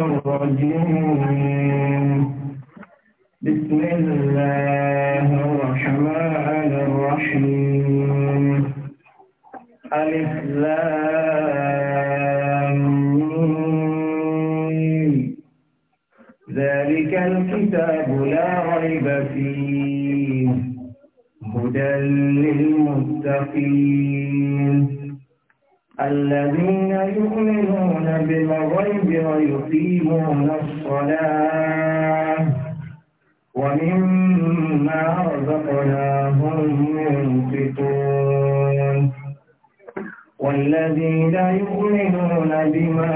الرجيم بسم الله الرحمن الرحيم ألف ذلك الكتاب لا ريب فيه هدى للمتقين الذين يؤمنون بالغيب ويقيمون الصلاة ومما رزقناهم ينفقون والذين يؤمنون بما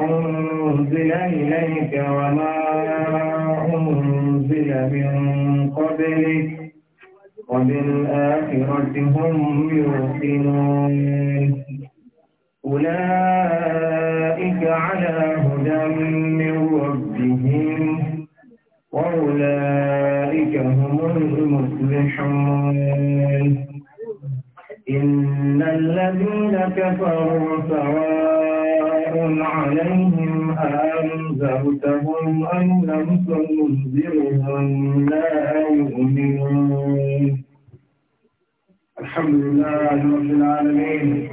أنزل إليك وما أنزل من قبلك وبالآخرة هم يوقنون أولئك على هدى من ربهم وأولئك هم المفلحون إن الذين كفروا سواء عليهم أنذرتهم أم لم تنذرهم لا يؤمنون الحمد لله رب العالمين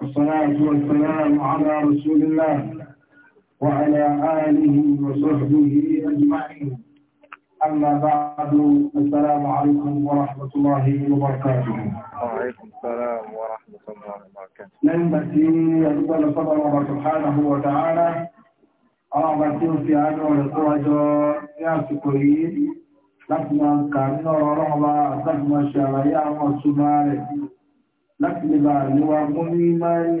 والصلاة والسلام على رسول الله وعلى آله وصحبه أجمعين أما بعد السلام عليكم ورحمة الله وبركاته وعليكم السلام ورحمة الله lẹ́yìn ìgbà tí ẹgbẹ́ lọ sọ́dọ̀ ọmọ subhanahu wa ta'ala àwọn ọba tí ó fi àánú rẹ̀ kó wájọ ní àsìkò yìí láti máa kà nínú ọ̀rọ̀ ọlọ́run bá àtàkì máa ṣe àlàyé àwọn ọ̀túnmá rẹ̀ láti lè bá ní máàrí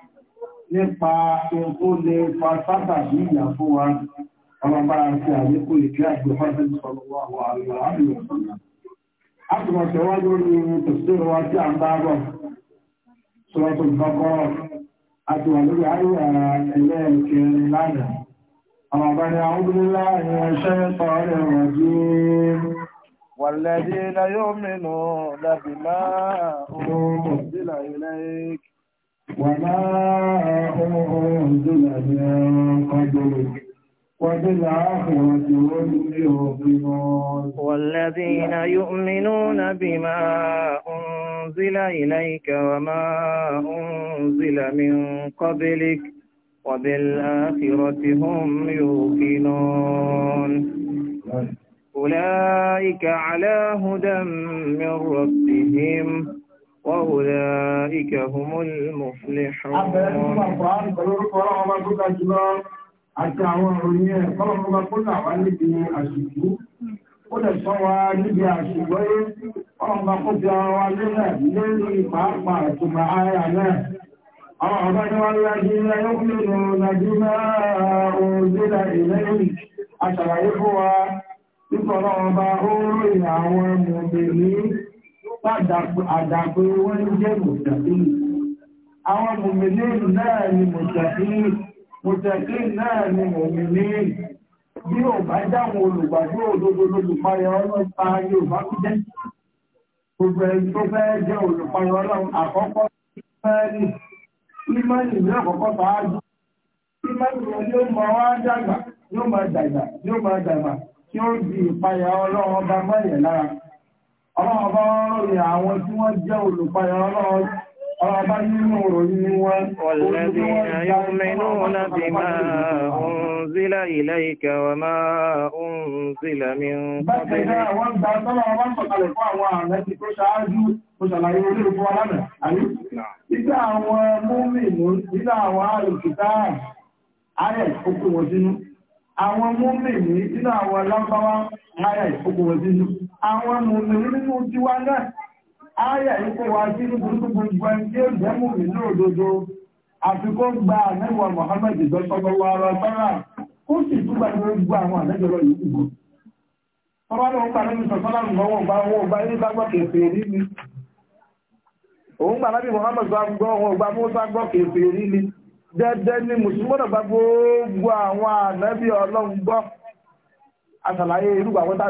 nípa tó lè fa sábà ní ìyà fún wa ọlọ́pàá àti àlékò ìgbé àgbẹ̀fẹ́ sọ̀rọ̀ àwọn àríwá àríwá sọ̀rọ̀. a ti mọ̀ tẹ̀wájú ní tòṣìṣẹ́ wa tí a ń bá bọ̀ sọ̀rọ̀ tó ń kọ́kọ́ àti wà lórí àríwá ẹlẹ́ẹ̀kẹrin lánàá. àwọn àbáni àwọn obìnrin láàrin ẹṣẹ́ sọ̀rọ̀ ẹ̀rọ jíìn والذين يؤمنون بما أنزل إليك وما أنزل من قبلك وبالآخرة هم والذين يؤمنون بما أنزل إليك وما أنزل من قبلك وبالآخرة هم يوقنون أولئك على هدى من ربهم وأولئك هم المفلحون Àti àwọn ìròyìn ẹ̀ fọ́lọ́mọba kó là wá níbi àṣìkú, ó lè sọ wa níbi àṣìgbọ́yé, fọ́lọ́mọba kó fi ara wa lélẹ̀ lórí pàápàá àtùmà ara náà. Àwọn ọ̀bá ni wọ́n lájú ilẹ̀ yóò nínú Nàìjí máa òun délẹ̀ ìlẹ́yìn. Aṣàlàyé fún wa, nípa ọlọ́mọba ó ròyìn àwọn mòmìnir Àdàpé wọ́n ń jẹ́ mùsàkí. Àwọn mùmìnì náà ni mùsàkí, mùsàkí náà ni mùmìnì. Bí ò bá dáwọn olùgbàjú òdodo lólùpayọ yóò bá kú jẹ́. Gbogbo ẹni tó fẹ́ jẹ́ olùpayọ ọlọ́run àkọ́kọ́ fẹ́ ní. Ìmọ̀nì ní àkọ́kọ́ fàájú. Ìmọ̀nì wọn ni wá dàgbà, yóò máa dàgbà, yóò máa dàgbà, ó di ìpayà ọlọ́run ọba ọlọ́run bá rọrìn àwọn tí wọ́n jẹ́ olùpayọ̀ ọlọ́run ọba nínú òròyìn wọn olùdí ayọ́mẹ́núnà bí máa ń zílá ilẹ̀ ìkẹ wà máa ń zílá mi ń pàtẹ́lẹ̀ wọ́n gbà tọ́lọ̀ wọ́n sọ̀kalẹ̀ fún àwọn ààrẹ ti tó ṣáájú ó ṣàlàyé orí ìfún alámẹ̀ àyí títà àwọn múmìnú títà àwọn alùpùpù ààrẹ okùnwọ̀n sínú àwọn múmìnú títà àwọn lábáwá ààrẹ sínú àwọn mùmìnì nínú tiwa náà ayà ikú wa sí ní gbogbo ìwọ̀n tí ó jẹ́ mùmìnì òdodo àfikọ́ gba àmẹ́wà Muhammad ìjọsọ́gbọ́wọ́ ara sára ó sì ní gbogbo àwọn àmẹ́jọ́rọ̀ yìí òun gbà lábí gbọ́ ni dẹ́dẹ́ ni mùsùlùmọ́nà gbogbo àwọn àtàlàyé irúgbà tó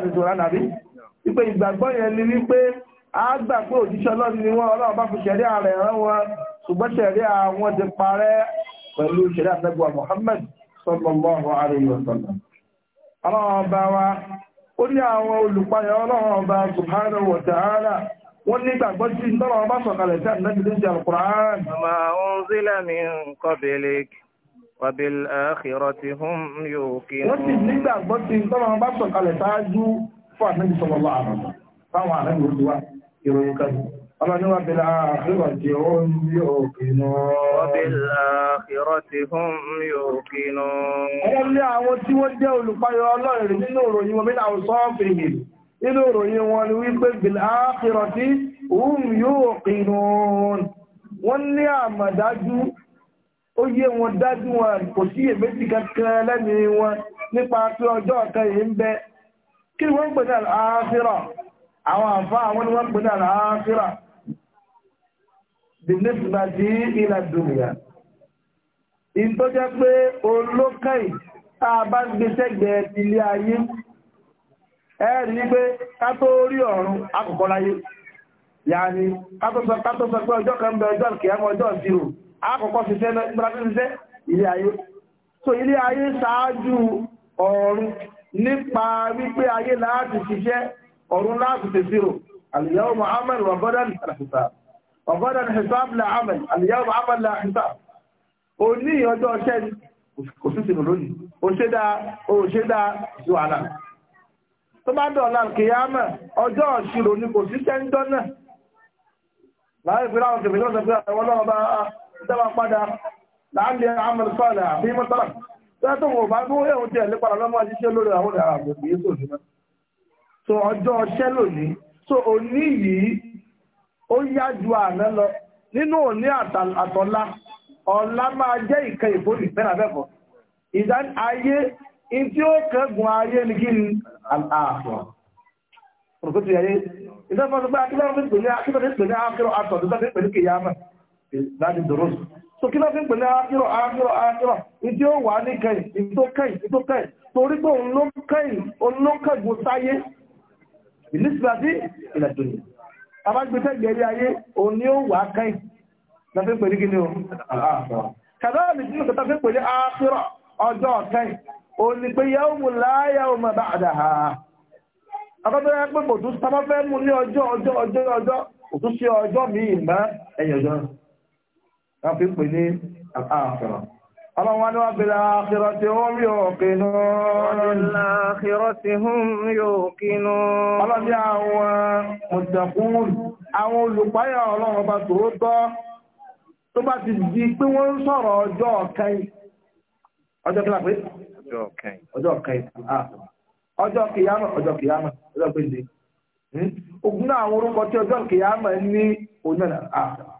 wípé ìgbàgbọ́ yẹn ni wípé a gbà pé òjíṣẹ́ ọlọ́run ni wọ́n ọlọ́run bá fi ṣẹ̀rí ààrẹ rán wọn ṣùgbọ́n ṣẹ̀rí àwọn ti parẹ́ pẹ̀lú ṣẹ̀rí àtẹ́gbà Muhammad sallallahu alaihi wa sallam ọlọ́run ọba wa ó ní àwọn olùpayọ̀ ọlọ́run ọba subhanahu wa wọ́n ní gbàgbọ́ sí ìtọ́rọ ọba sọ̀kalẹ̀ sí àdínábìlì ìjẹ́ alkùnrán. wọ́n sì ní gbàgbọ́ sí ìtọ́rọ ọba sọ̀kalẹ̀ sáájú fún àtẹ́bí sọ̀rọ̀ lọ àrùn fáwọn àrẹ́bí orí wa ìròyìn kan ọlọ́ni wa bẹ̀rẹ̀ àkírọ̀ tí ó ń yóò kínú. ọbẹ̀lá àkírọ̀ tí ó ń yóò kínú. wọ́n ní àwọn tí wọ́n jẹ́ olùpayọ̀ ọlọ́rin nínú ìròyìn wọn nínú àwọn sọ́ọ̀fìnì nínú ìròyìn wọn ni wípé bẹ̀rẹ̀ àkírọ̀ tí ó yóò kínú kí wọ́n ń pè ní àáfíra àwọn àǹfà àwọn ni wọ́n ń pè ní àáfíra bìnífìnà sí ilà dùnìyà ìtọ́ jẹ́ pé olókàì tá a bá gbé sẹ́gbẹ̀ẹ́ ilé ayé ẹ̀rí wípé ká tó rí ọ̀run àkọ́kọ́ láyé yàní ká sọ pé ọjọ́ kan bẹ ọjọ́ kìíyàmọ́ ọjọ́ ìṣirò àkọ́kọ́ ṣiṣẹ́ ilé ayé so ilé ayé ṣáájú ọ̀run nípa wípé ayé láti ṣiṣẹ́ ọ̀run láti tẹ̀sírò al-yawma amal wa gadan hisab wa gadan hisab la amal al-yawma amal la hisab o ní ọjọ́ ọṣẹ́ kò sí sínú lónìí o ṣe dáa o ṣe dáa ju àlà tó bá dọ̀la kìyàmà ọjọ́ ìṣirò ni kò sí sẹ́ńdọ́ náà láàrín ìfìlà àwọn kìfìlà ọ̀sẹ̀ fún àwọn ọlọ́ọ̀bá dábàá padà láàrín àmàlùfàlà àbí mọ́tàlá tó wọn bá tó ẹ̀hún jẹ́ nípa ọlọ́mọ ṣiṣẹ́ lórí àwọn ará so ọjọ́ ọṣẹ́ lónìí so òní yìí ó yá ju àná lọ nínú òní àtọ̀lá ọ̀la máa jẹ́ ìkan ìbòrì fẹ́ràn bẹ́ẹ̀kọ́ ìdá ayé in tí ó kẹ́gùn ayé ni kí ni àpọ̀ òkútu ayé ìdáfọ́sọ́gbé akíndọ́rọ́ tó ń pè ní akíndọ́rọ́ tó ń pè ní akíndọ́rọ́ àtọ̀ tó ń pè ní láti dòrò so kí lọ́fí pẹ̀lú àkírọ̀ àkírọ̀ àkírọ̀ ìdí ó wà ní kẹ́yìn ìtó kẹ́yìn ìtó kẹ́yìn torí pé òun ló kẹ́yìn òun ló kẹ́gbò sáyé ìlísìláàdí ilẹ̀ tòní abágbésẹ́gbẹ̀rí ayé òun ni ó wà kẹ́yìn lọ́fí pẹ̀lú kí ni ó kàdáàlì tí ó fi pẹ̀lú àkírọ̀ ọjọ́ kẹ́yìn òun ni pé yẹ́wò mú láyà ọmọ bá àdáhà akọ́tọ́ yẹ ní ọjọ́ ọjọ́ ọjọ́ ọjọ́ òtún ọjọ́ míì mọ́ ẹ̀yìn ọjọ́ wọ́n fi ń pè ní àkàrọ̀ ọlọ́wọ́n ni wọ́n bèèrè àkìrọ̀ tí ó rí òkínú àkìrọ̀ tí hún yóò kínú ọlọ́dí àwọn mọ̀tẹ̀kún àwọn olùpáyà ọlọ́run bá tòótọ́ tó bá ti di pé wọ́n ń sọ̀rọ̀ ọjọ́ ọ̀kan ọjọ́ kí lápé ọjọ́ ọ̀kan ọjọ́ kìyàmọ̀ ah, ọjọ́ kìyàmọ̀ ọjọ́ péde ogun hmm? náà àwọn orúkọ tí ọjọ́ kìyàmọ̀ ní onínà àkàrọ̀ ah,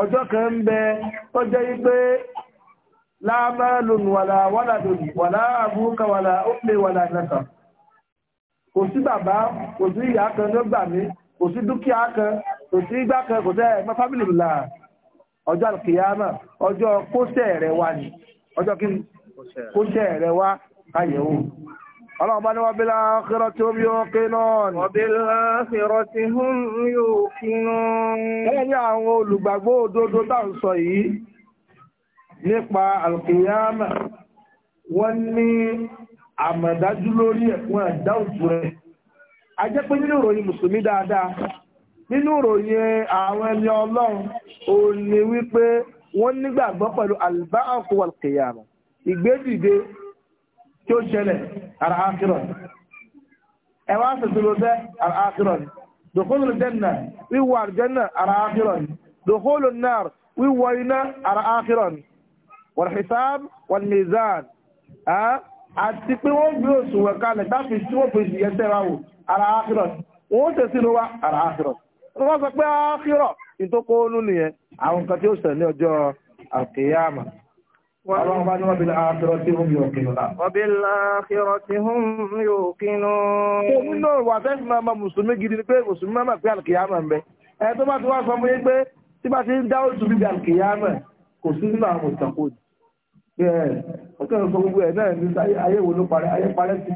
ọjọ́ kan ń bẹ tó jẹ́ wípé láàmàlùn wàlà wàlàdùn wàlà àbúkà wàlà òpè wàlà nàkà kò sí bàbá kò sí ìyá kan ló gbà mí kò sí dúkìá kan kò sí igbá kan kò tẹ́ ẹ̀mọ́ fámìlì là ọjọ́ ọjọ́ ọjọ́ kí kóṣẹ́ rẹ̀ ọlọ́ọ̀bá ni wọ́n bí láàkírọ̀ tí ó bí ó kí náà ni. wọ́n bí láàkírọ̀ tí ó bí ó kí náà ni. bẹ́ẹ̀ ni àwọn olùgbàgbọ́ òdodo tá ń sọ yìí nípa alkiyama wọ́n ní àmọ̀dájú lórí ẹ̀kún ẹ̀dá rẹ̀. a jẹ́ pé nínú ìròyìn mùsùlùmí dáadáa nínú ìròyìn àwọn ẹni ọlọ́run ò ní wípé wọ́n nígbàgbọ́ pẹ̀lú albáàkú alkiyama ìgbédìde tí ó ṣẹlẹ̀ àràákìrọ̀ ẹwà sẹ̀sùlọ́sẹ́ àràákìrọ̀ dòkólù jẹ́nà wíwọ àrìjẹ́nà àràákìrọ̀ dòkólù náà wíwọ iná àràákìrọ̀ wàlhìsáàb wàlmìzàn àti pé wọ́n gbé òṣùwọ̀n kalẹ̀ táfi tí wọ́n fi yẹsẹ̀ wa wò àràákìrọ̀ wọ́n tẹ̀ sínú wa àràákìrọ̀ wọ́n sọ pé àràákìrọ̀ ìtókòónú nìyẹn àwọn nǹkan tí ó ṣẹlẹ̀ ní ọjọ́ àkèyàmà وبالآخرة هم يوقنون وبالآخرة هم يوقنون nínú wa ṣe máa ma mùsùlùmí gidi ni pé mùsùlùmí máa pé àlùkìyàmọ̀ ń bẹ ẹ tó bá ti wá sọ fún yín pé tí bá ti ń dáwọ́ tó bíbi àlùkìyàmọ̀ kò sí nínú àwọn ìtàkó ẹ ọkẹ́ sọ gbogbo ẹ̀ náà ní ayé wo ló parẹ́ ayé parẹ́ sí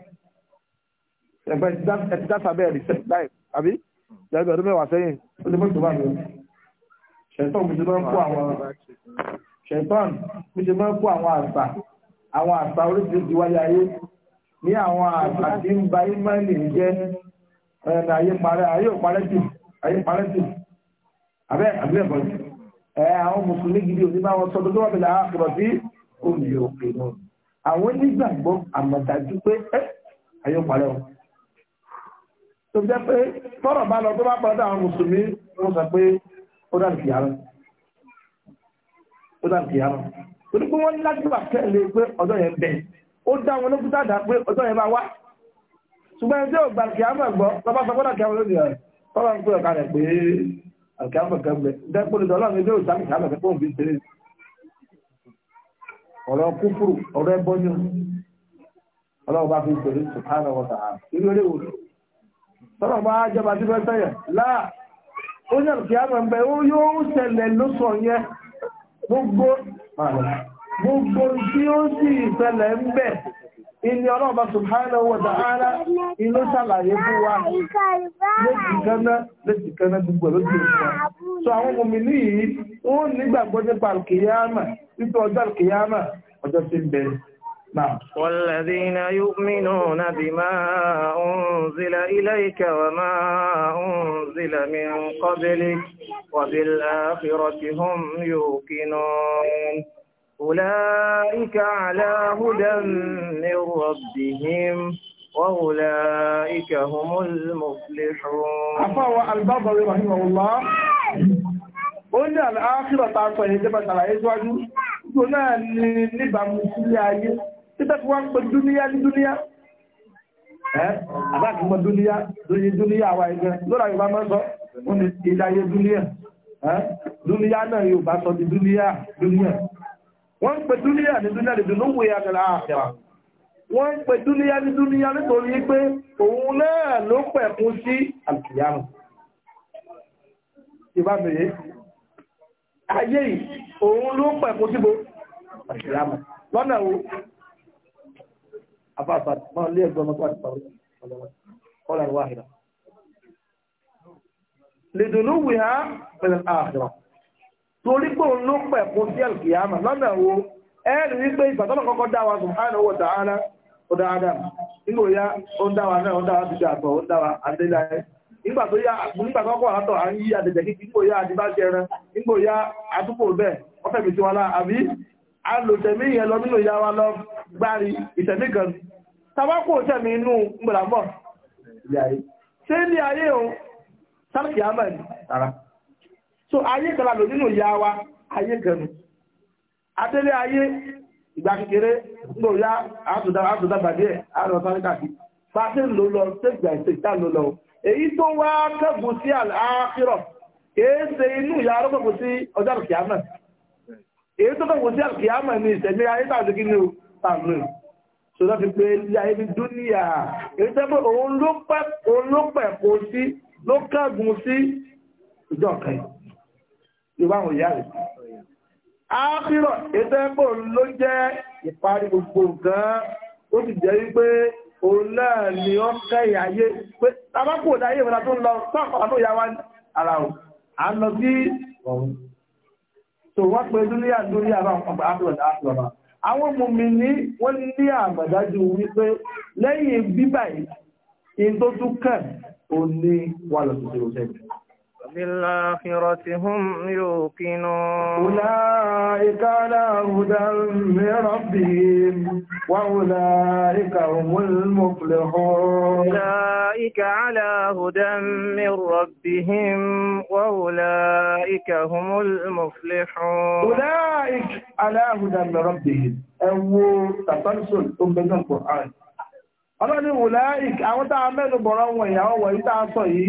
ẹgbẹ́ ti dáta bẹ́ẹ̀ rí sẹ́ẹ̀ àbí ìdájọ́ ọdún mẹ́wàá sẹ́yìn ó lè mọ́ ìtọ́ bá mi ṣẹ̀tọ́ mi ti máa ń kó àwọn ṣẹ̀tọ́n bí ṣe máa ń kó àwọn àṣà àwọn àṣà oríṣiríṣi wáyé ayé ní àwọn àṣà tí ń ba ímẹ́lì ń jẹ́ ẹ̀rọ ayé parẹ́ ayé ò parẹ́ tì ayé parẹ́ tì abẹ́ àbílẹ̀ bọ̀ jù ẹ̀ àwọn mùsùlùmí gidi òní bá wọn sọ tó wọ́n bẹ̀rẹ̀ àkùrọ̀ sí òmì òkè náà àwọn onígbàgbọ́ àmọ̀dájú pé ẹ́ ayé ò o tó jẹ́ pé tọ́rọ̀ bá lọ tó bá pọ̀ ó dà kìí àmọ́ torí pé wọ́n lájú wà tẹ́lẹ̀ pé ọjọ́ yẹn bẹ̀ ó dá wọn lókútà dá pé ọjọ́ yẹn máa wá ṣùgbọ́n ẹni tí ò gbà kìí àmọ́ gbọ́ lọ́ba sọ fọ́nà kìí àmọ́ lónìí rẹ̀ tọ́lá ń pè ọ̀ka rẹ̀ pé àkìí àmọ́ kan gbẹ dẹ́pọ̀ lọ́dọ̀ ọlọ́run ilé òòsàn kìí àmọ́ kan fóun fi ń tẹ̀lé ọ̀rọ̀ kúfùrù ọ̀rọ̀ ẹbọ́nyọ́ ọlọ́run bá fi pẹ̀lú sùkánà wọ́ta gbogbo gbogbo tí ó sì ìfẹ́lẹ̀ ń bẹ̀ ilé ọlọ́ọ̀bá subhanahu wa ta'ala ilé ṣàlàyé fún wa lẹ́sì kaná lẹ́sì kaná gbogbo lójú ìfẹ́ so àwọn ọmọ mi níyìí wọ́n nígbàgbọ́ nípa alkiyama nípa ọjọ́ alkiyama ọjọ́ tí ń bẹ̀rẹ̀ نعم والذين يؤمنون بما أنزل إليك وما أنزل من قبلك وبالآخرة هم يوقنون أولئك على هدى من ربهم وأولئك هم المفلحون أفاوى البابوي رحمه الله قلنا الآخرة تعطي جبت على إزواجه قلنا نبقى مسيحي títẹ́ fi wọ́n ń pè dúníyà ní dúníyà ẹ́ àbáàkìmọ̀ dúníyà lóye dúníyà àwa ẹgbẹ́ lọ́la Yorùbá máa ń sọ wọ́n ní ìdáyé dúníyà ẹ́ dúníyà di dúníyà dúníyà wọ́n ń pè dúníyà ní dúníyà lè dùn wòye àgbẹ̀lá àkẹ́wà wọ́n ń pè dúníyà ní dúníyà nítorí pé òun náà ló pẹ̀kún sí àkìyàmù ìbámẹ̀yẹ ayé yìí òun ló pẹ̀kún síbo àkìyàmù lọ́nà أفاصل ما اللي يقدر مطوات قولا واحدة لدنوها من الآخرة ya ó ń dáwà náà ó ń gbárí ìtẹ̀mí kan tabakú òtẹ̀mí inú gbọ̀dàbọ̀ ṣé ní ayé o sálùkì àmà ni so ayé kan lò nínú ìyá wa ayé kan nù adélé ayé ìgbà kékeré ńgbò ya àtúndàgbà díẹ̀ àrùn ọ̀sánìkà kí bá ṣe ń lò lọ ṣègbà ìṣègbà lò lọ èyí tó wá kẹ́gùn sí àkírọ̀ kìí ṣe inú ìyá arọ́gbọ̀gbọ̀ sí ọjọ́ àkíyàmà èyí tó kẹ́gùn sí àkíyàmà ni ìṣẹ̀mí ayé tàbí kí ni o tààmù so lọ́ fi pé ilé ayé bí dúníyà èyí tẹ́ pé òun ló pẹ̀ kó sí ló kẹ́gùn sí ìjọ kan ìwà àwọn ìyá rẹ̀ ápírọ̀ èyí tẹ́ pé òun ló jẹ́ ìparí gbogbo nǹkan ó sì jẹ́ wípé òun náà ni ó kẹ́ ìyá so wọ́n pe dúníyà dúníyà bá wọn àwọn mùmìnì wọ́n ní àmàdájú wípé lẹ́yìn bíbáyìí in tó tún kàn ò ní wà lọ́sọ̀tẹ̀ òṣèlú بالآخرة هم يوقنون أولئك على هدى من ربهم وأولئك هم المفلحون أولئك على هدى من ربهم وأولئك هم المفلحون أولئك على هدى من ربهم أو تسلسل بين القرآن ọlọ́ni wùláìk àwọn tá a mẹ́nu bọ̀rọ̀ wọn ìyàwó wọ̀nyí tá a sọ yìí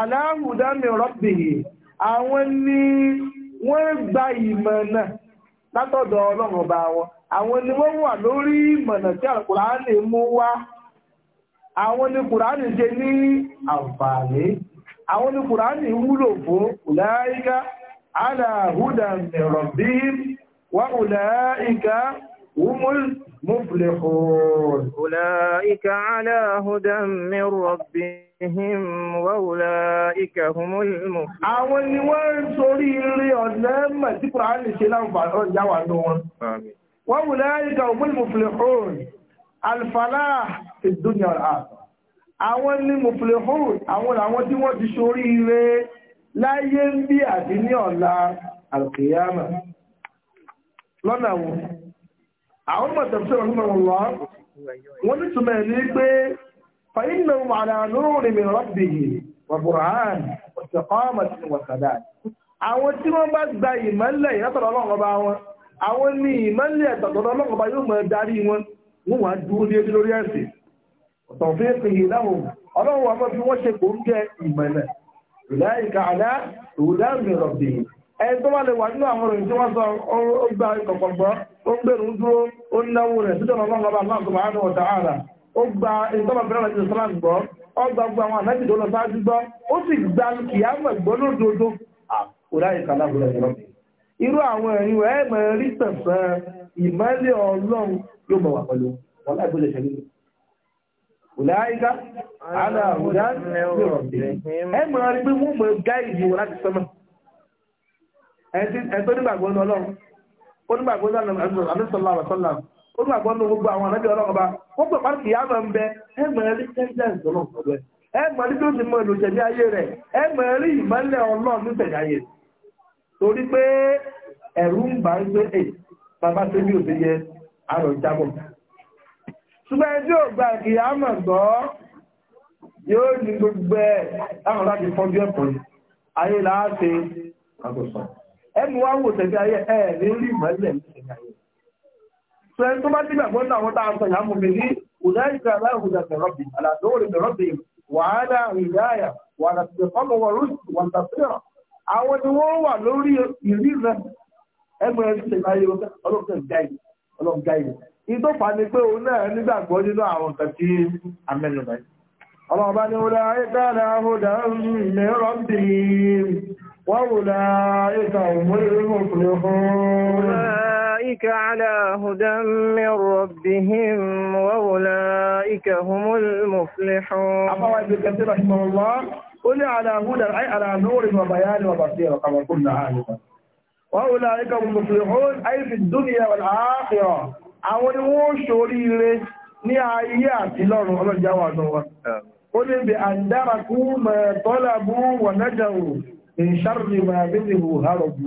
aláhùdámi rọ́bìhì àwọn ni wọ́n gba ìmọ̀nà látọ̀dọ̀ ọlọ́run ọba wọn àwọn ni wọ́n wà lórí ìmọ̀nà tí àkùránì mú wá àwọn ni kùránì ṣe ní àǹfààní àwọn ni kùránì wúlò fún ọ̀láìká aláhùdámi rọ́bìhì wọ́n ọ̀láìká wúmúl muflihun ọ̀láìká aláhùdámi rọ́bìhì بِآيَاتِهِمْ وَأُولَٰئِكَ هُمُ الْمُفْلِحُونَ Àwọn ni wọ́n ń sórí ilé ọ̀nà mọ̀ tí Kùránì ṣe láǹfààní ìyá wà ní wọn. وَأُولَٰئِكَ هُمُ الْمُفْلِحُونَ الْفَلَاحُ فِي الدُّنْيَا وَالْآخِرَةِ Àwọn ni muflihun, àwọn làwọn tí wọ́n ti sórí ilé láyé ń bí àti ní ọ̀la al Lọ́nà wo? Àwọn mọ̀tẹ̀fẹ́ ọ̀nà wọn wọ́n ní túnmẹ̀ ní pé فإنهم على نور من ربه وبرهان واستقامة وسداد àwọn tí wọ́n bá gba ìmọ́lẹ̀ ìyàtọ̀rọ̀ ọlọ́run ọba wọn àwọn ní ìmọ́lẹ̀ ìtọ̀tọ̀rọ̀ ọlọ́run ọba yóò mọ̀ darí wọn wọ́n wá dúró ní lórí ẹ̀sìn ọ̀tọ̀ fi ń pèyè láwọn ọlọ́run ọba fi wọ́n ṣe kò ń jẹ ìmọ̀lẹ̀ ìlàyìíká àdá ìwòdáàmì rọ̀bì ẹni tó wà lè wà nínú àwọn òyìn tí wọ́n sọ ó gba ìkọ̀kọ̀gbọ́ ó ń gbèrú dúró ó ń náwó rẹ̀ síjọ́ ọlọ́run ọba ó gba ìtọ́lá bẹ̀rẹ̀ àti ìsọ́lá gbọ́ ó gba gbogbo àwọn ànábì tó lọ sáájú gbọ́ ó sì gba kìyàmọ̀ gbọ́ lódodo àkùrá ìkàlà gbọ́dọ̀ yọ̀ irú àwọn ẹ̀yìn ẹ̀ mọ̀ rí tẹ̀sán ìmọ́lẹ̀ ọlọ́run yóò mọ̀ wà pẹ̀lú wọn láì gbọ́dọ̀ ṣẹlẹ̀ Ìlàáyíká, aláàrùdá ní ọ̀rọ̀ ẹ mọ̀ rí pé wọ́n mọ̀ gáìdì wọn láti sọ́mọ̀. Ẹ tó nígbàgbọ́ ní ọlọ́run, ó nígbàgbọ́ ní ọlọ́run, àmì sọ́lá àwọ̀sọ́lá ó ní àgbọn ní gbogbo àwọn ànábì ọlọ́run wọ́n pè pàtàkì yá máa ń bẹ ẹ mọ̀ rí tẹ́ńtẹ́ǹsì pẹ̀lú ẹ mọ ìṣẹ̀lẹ̀ ayé rẹ̀ ìmọ̀lẹ̀ ní ìṣẹ̀lẹ̀ ayé torí pé ẹ̀rù ń bà ń gbé e bàbá tó bí yẹ àrò ìjábọ̀ ṣùgbọ́n gbọ́ yóò ní gbogbo láwọn láti fọ́n bí ayé àgùsọ̀ ẹnu wá sọ tó bá ti gbàgbọ́ láwọn tá a sọ ìyá mú mi ní ọ̀dáìkà aláhùdà tẹ̀rọ̀bì àlàdóòrè tẹ̀rọ̀bì wàhálà ìdáyà wàhálà tẹ̀kọ́mọ̀ wà rúùsì wà tàfíà àwọn ni wọ́n wà lórí ìrí rẹ̀ ẹgbẹ́ ṣe láyé ọlọ́pàá gáyì ọlọ́pàá gáyì ní tó fà ní pé òun náà nígbàgbọ́ nínú àwọn kan tí a mẹ́nu rẹ̀ ọlọ́ọ̀bá ni ọlọ́ọ̀ẹ́ta aláhùdà mẹ́rọ̀bì wọ́n wùlá ìtàn òmùlẹ̀ أولئك على هدى من ربهم وأولئك هم المفلحون أخوة ابن كثير رحمه الله قل على هدى أي على نور وبيان وبصيرة كما قلنا آنفا وأولئك هم المفلحون أي في الدنيا والآخرة àwọn wọ́n ṣorí ní ayé àti lọ́run ọlọ́jáwà ọdún wa. ó ní bí àndárakú mẹ́tọ́lábú wọ̀nájàwò ìṣàrùn ìmọ̀ àbíjìwò hàrọ̀bù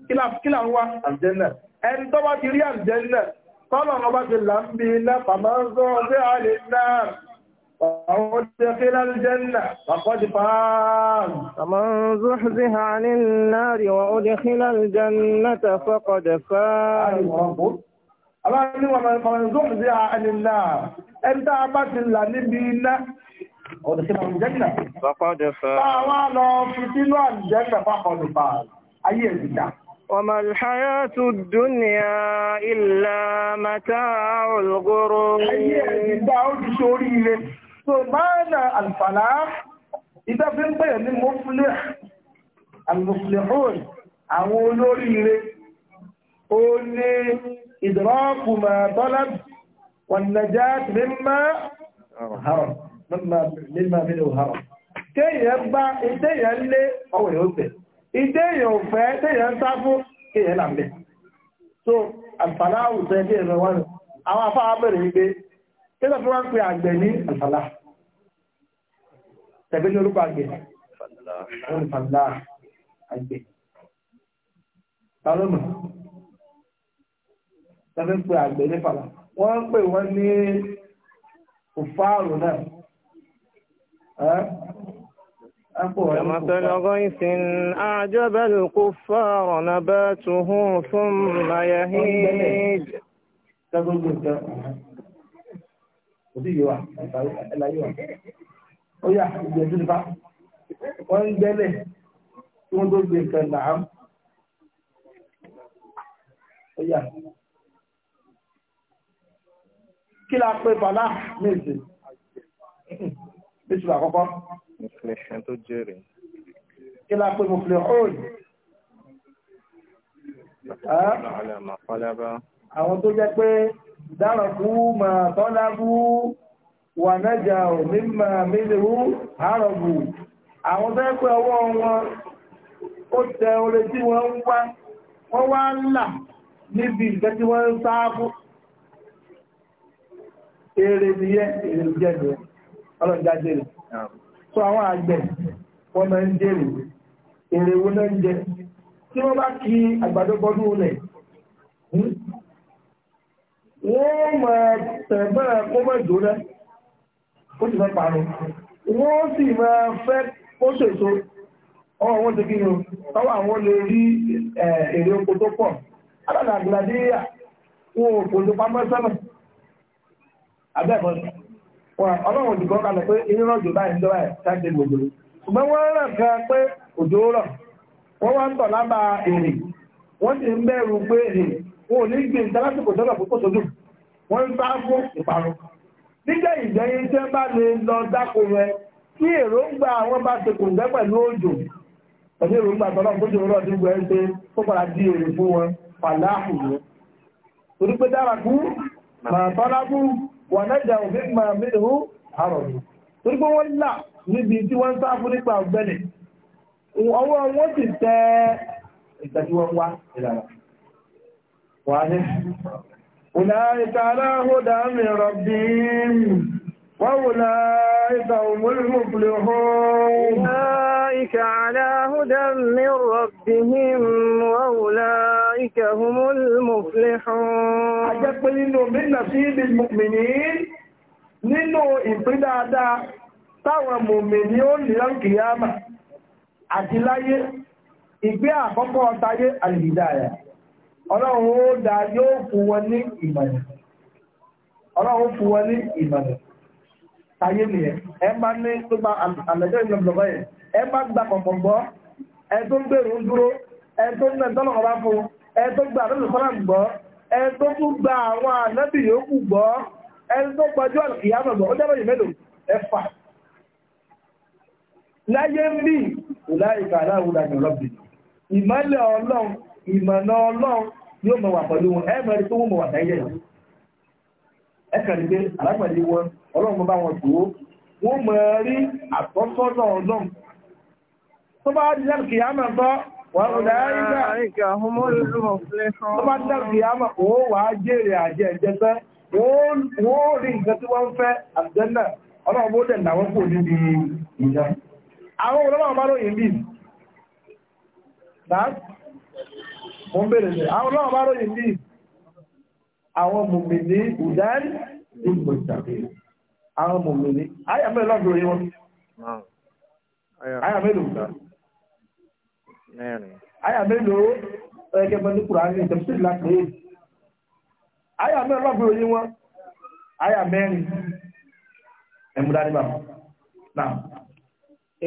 kílà ń wá àjẹ́nà ẹni tó bá ti rí àjẹ́nà tọ́lọ̀ lọ bá ti là ń bí iná pàmọ́ ń sọ sí àlè náà àwọn ti fi lálùjẹ́nà pàpọ́ ti fàán. àmọ́ zuh sí ha ní náàrí wọn ó di fi lálùjẹ́nà tẹ fọ́kọ̀ dẹ̀ fàán. aláàbí wọn mọ̀ zuh sí ha ní náà ẹni tá a bá ti là níbi iná ọ̀dọ̀ sí àlùjẹ́nà. pàpọ́ dẹ̀ fàán. táwọn lọ fi sínú àlùjẹ́nà pàpọ́ dẹ̀ fàán. ayé وما الحياة الدنيا إلا متاع الغرور فمعنى الفلاح إذا بنبيع المفلح المفلحون àwọn olóríire ó ní ìdọ́rọ́kù máa tọ́lá wọ̀nàjá mímá ọ̀hárọ̀ mímá mímá mímá ọ̀hárọ̀ kéèyàn bá ìdéyàn lé ọwọ́ ìhóòtẹ̀ ìdé èèyàn fẹ́ téèyàn ń sá fún èèyàn là ń bẹ̀ so àlùfàlà àwùjọ ẹgbẹ́ ẹ̀rọ wọn rẹ̀ àwọn afáwà bẹ̀rẹ̀ wípé tẹ́lẹ̀ fún wọn pe àgbẹ̀ ní àlùfàlà tẹ̀gbẹ́ ní orúkọ àgbẹ̀ àlùfàlà àgbẹ̀ tálọ́mù tẹ́lẹ̀ pe àgbẹ̀ ní fàlà wọ́n ń pè wọ́n ní òfáàrù náà كمثل غيث أعجب الكفار نباته ثم يهيج wọ́n ń gbẹ́lẹ̀ tí wọ́n tó gbé nǹkan náà ó yà kí la pé fàlá méjì méjì àkọ́kọ́ inflation tó jèrè. kí la pé muflihun àwọn tó jẹ́ pé dáràkú ma tọ́lábú wà nájà ò mímọ̀ mílìú àrọ̀bù àwọn tó jẹ́ pé ọwọ́ wọn ó tẹ orí tí wọ́n ń wá wọ́n wá ń là níbi ìgbẹ́ tí wọ́n ń sáábú èrè nìyẹn èrè jẹ́ nìyẹn ọlọ́jáde rẹ̀ tó àwọn àgbẹ̀ wọ́n ń jèrè èrè wo náà ń jẹ tí wọ́n bá kí àgbàdo rẹ̀ hmm? wọ́n máa tẹ̀mọ́ kọ́mọ̀ ìjọ́rẹ́ ó sì fẹ́ parun wọ́n sì máa fẹ́ kó ọwọ́ wọn ti kíni àwọn lè rí èrè oko pọ̀ wọn ò kò pamọ́ sọ́nà ọlọ́run òjò kan kalẹ̀ pé inú náà jò báyìí jọba ẹ̀ ṣáàṣì gbogbo ṣùgbọ́n wọ́n rẹ̀ kan pé òjò rọ̀ wọ́n wá ń tọ̀ lába èrè wọ́n ti ń bẹ̀rù pé èrè ò ní gbé tọ́lọ̀ púpọ̀ sódù wọ́n ń fún níjẹ́ bá lè lọ rẹ kí èròǹgbà bá pẹ̀lú òjò pẹ̀lú èròǹgbà tọ́lọ̀ ọdún gbẹ́ ń pé padà di èrè wà nájà òfin máa mẹ́rin àrọ̀dù torí pé wọ́n là níbi tí wọ́n ń sá fún nípa ọ̀gbẹ́lẹ̀ ọwọ́ wọn sì tẹ ìtàjú wọn wá ìlànà ní wọ́n أولئك هم المفلحون أولئك على هدى من ربهم وأولئك هم المفلحون أجاب منه من نصيب المؤمنين nínú ìpín dáadáa táwọn mùmìnì ó lìyàn kìyàmà àti láyé ìgbé àkọ́kọ́ táyé àlìdáyà ọlọ́run ó dá yóò fún wọn ní ìmọ̀nà ọlọ́run fún wọn ní ìmọ̀nà ayé nìyẹn ẹ bá ní tó bá àlẹ́jọ́ ìlọ́gbọ̀gbọ́ yẹn ẹ bá gba kọ̀kọ̀ gbọ́ ẹ tó ń gbèrò ń dúró ẹ tó ń tẹ̀sán lọ́kọ̀ bá fún ẹ tó gba àlejò sọ́nà gbọ́ ẹ tó tún gba àwọn ànábì yòókù gbọ́ ẹ tó gbọ́jọ́ ìyá mọ̀gbọ́ ó jábọ̀ yìí mélòó ẹ fà láyé ń bì ìláìka aláwòrán ìrọ̀bì ìmọ̀lẹ̀ ọlọ́run ìmọ̀nà ọlọ́run yóò mọ̀ wà pẹ̀lú wọn ẹ mọ̀ ọlọ́run bá wọn dúró wọ́n mọ̀ rí àtọ́sọ́nà ọlọ́run tó bá di lẹ́nu kìyàmà tọ́ wọ́n rọ̀dà àríkà tó bá di lẹ́nu kìyàmà ó wà á jèrè àjẹ ìjẹsẹ́ wọ́n rí nǹkan tí wọ́n fẹ́ àjẹ́nà ọlọ́run bó dẹ̀ làwọn kò níbi ìjà àwọn ọlọ́run bá lóyìn mo ń bèrè sí àwọn ọlọ́run bá lóyìn bí àwọn mùmìnì ìdárí ìgbòjàgbé àwọn mòmìnì àyà mẹ́rin lọ́dún orí wọn àyà mẹ́rin àyà mẹ́rin ló ẹgbẹ́ pẹ̀lú kùrà ní ìtẹ̀sí ìlàpẹ́ àyà mẹ́rin lọ́dún orí wọn àyà mẹ́rin ẹ̀múdání bàbá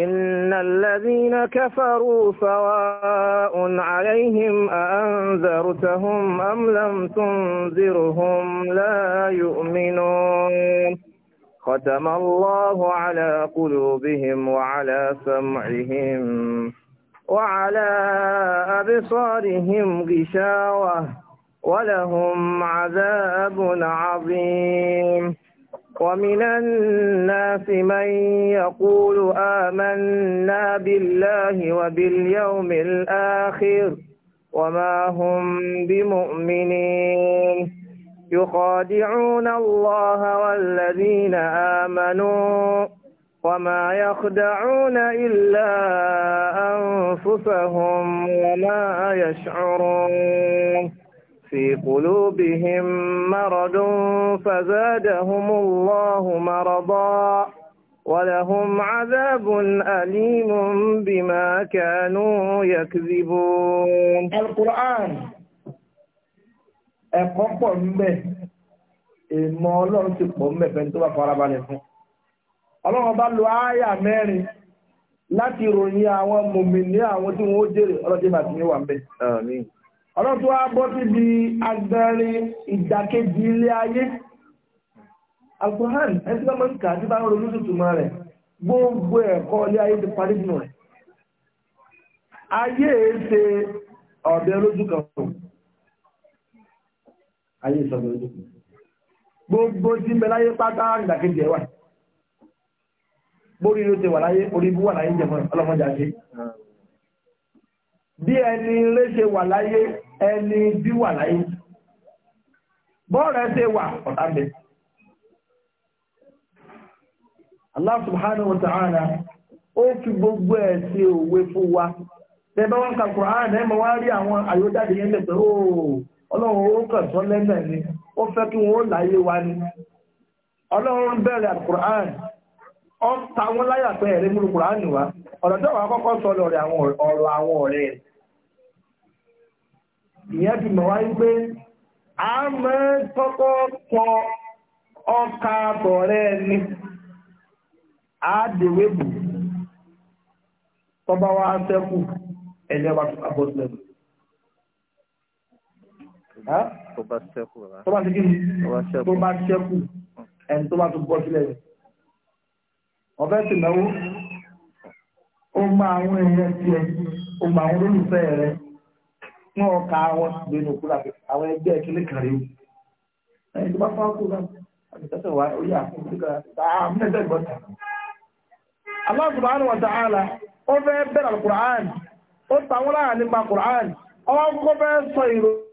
إن الذين كفروا سواء عليهم أأنذرتهم أم لم تنذرهم لا يؤمنون ختم الله على قلوبهم وعلى سمعهم وعلى أبصارهم غشاوة ولهم عذاب عظيم ومن الناس من يقول آمنا بالله وباليوم الآخر وما هم بمؤمنين يخادعون الله والذين آمنوا وما يخدعون إلا أنفسهم وما يشعرون في قلوبهم مرض فزادهم الله مرضا ولهم عذاب أليم بما كانوا يكذبون القرآن ẹ̀kọ́ pọ ńbẹ̀ ìmọ̀ ọlọ́run ti pọ̀ ńbẹ̀ fẹ́ni tó bá farabalẹ̀ fún ọlọ́run bá lo ááyà láti ròyìn àwọn mòmìnì àwọn tí wọ́n ó jèrè ní wà tó wá síbi ilé ayé gbogbo ẹ̀kọ́ ilé ayé ti parí nù rẹ̀ ayé e ṣe ọ̀bẹ ayé ìsọ̀rọ̀ ojú gbogbo tí ń bẹ láyé pátá ìdàkejì ẹ̀wà bórí ló ti wà láyé orí bú wà láyé jẹmọ́ ọlọ́mọdé àṣẹ bí ẹni rẹ̀ ṣe wà láyé ẹni bí wà láyé fi gbogbo ẹ̀ sí òwe fún wa tẹ́bẹ́ wọn kà Kùránì ẹ̀ mọ̀ wá ooo ọlọ́run ó kàn sọ lẹ́nà ni ó fẹ́ kí wọ́n láyé wa ni ọlọ́run bẹ̀rẹ̀ alukur'an ó ta wọ́n láyà pé ẹ̀rí múlu wa ọ̀rọ̀ tó wàá kọ́kọ́ sọ lọ́rẹ̀ ọ̀rọ̀ àwọn ọ̀rẹ́ rẹ̀ ìyẹn ti mọ̀ pé a máa kọ́kọ́ kọ ọkà àbọ̀rẹ́ ni a dèwé tọ́ba wa ẹ̀lẹ́wà tó bá ṣẹ́kù rà tó bá ṣe kí ni tó bá ṣẹ́kù ẹni tó bá tún bọ́ sílẹ̀ yẹn ọ̀fẹ́ sì náwó ó máa àwọn èèyàn tiẹ̀ ó máa àwọn olólùfẹ́ rẹ̀ fún ọkà wọn gbẹnu kúrò àwọn ẹgbẹ́ ìkíní kàrí o ẹni tó bá fọ́ kúrò náà àtẹ̀tẹ̀ wa orí àfihàn tó kàrà tá a mẹ́tẹ̀ gbọ́ta. Allah subhanahu wa ta'ala ó fẹ́ bẹ̀rẹ̀ Al-Qur'an ó tàwọn láàrin nípa Qur'an ọwọ́ kọ́kọ́ fẹ́ sọ ìròyìn.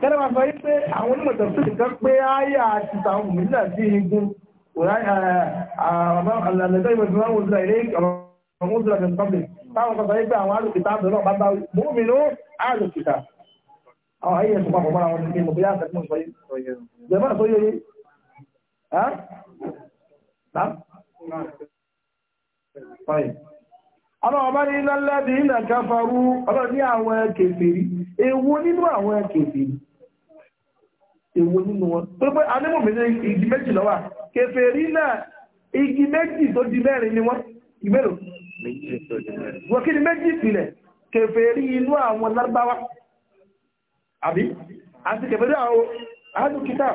kẹ́lẹ́ máa sọ yí pé àwọn onímọ̀tọ̀ tó ti kọ́ pé áyà àti tàwọn òmìnira sí igun àlẹ́sẹ́ ìmọ̀tọ̀ máa ń wòlúra ilé àwọn òṣèlú àti public táwọn kan sọ yí pé àwọn alòkìtà àbẹ̀ náà bá bá mọ́mí ló alòkìtà àwọn ayé ẹ̀sùn papọ̀ mọ́ra wọn ní mo bóyá àtẹ̀kùn sọ yí jẹ̀mọ́ sọ yé Ọlọ́run bá ní iná lẹ́bí ìlẹ̀kẹfà rú ọlọ́run ní àwọn kèfèrí, ewu nínú àwọn kèfèrí, èwo nínú wọn tó pé anímọ̀mí ní igi méjì lọ́wà kèfèrí náà igi méjì tó di mẹ́rin ni wọ́n ìgbèrò wọ́n kí ni méjì ìpìlẹ̀ kèfèrí inú àwọn lárúbáwá àbí àti kèfèrí àwọn adùkítà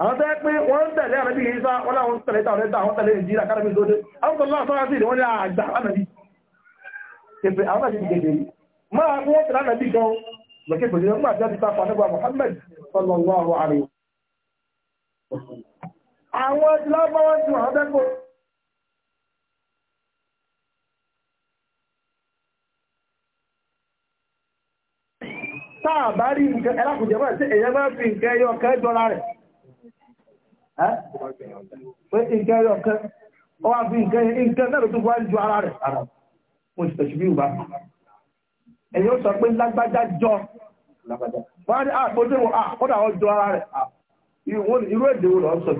àwọn tẹ́ pé wọ́n tẹ̀lé àrẹ́bí ìsá wọ́n láwọn tẹ̀lé tàwọn àwọn tẹ̀lé ìjírà kárẹ́bí lóde àwọn tọ́lá àtọ́lá sí ìdíwọ́n ní àgbà ànàbí kèfè àwọn àti kèfèrí máa wọ́n tẹ̀lé ànàbí gan lọ́kẹ́fẹ̀ẹ́ nígbà tí wọ́n ti ta fún ànàbí Muhammad sallallahu alaihi wasallam àwọn lọ́bọ́wọ́ tí wọ́n bẹ́kọ̀ táà bá rí nǹkan ẹlákùnjẹ́ mọ́ sí èyẹ mọ́ fi nǹkan ẹyọ lápájá wọ́n á ní àpótí ah, wọn àkọ́dà ah, ọjọ́ ara rẹ̀ ah, irú èdè wo lọ́ọ́ sọ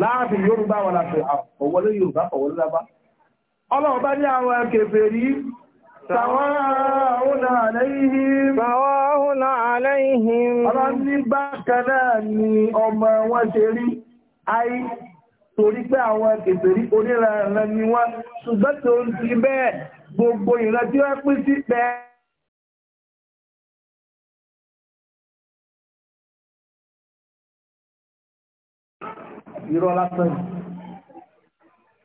láàbì yorùbá wọn láti ọ̀wọ́lé yorùbá ọ̀wọ́lé lábá ọlọ́run bá torí pé àwọn kèfèrí oníranran ni wọ́n ṣùgbọ́n tó ń ti bẹ́ẹ̀ gbogbo ìran tí wọ́n pín sí bẹ́ẹ̀ irọ́ lásán yìí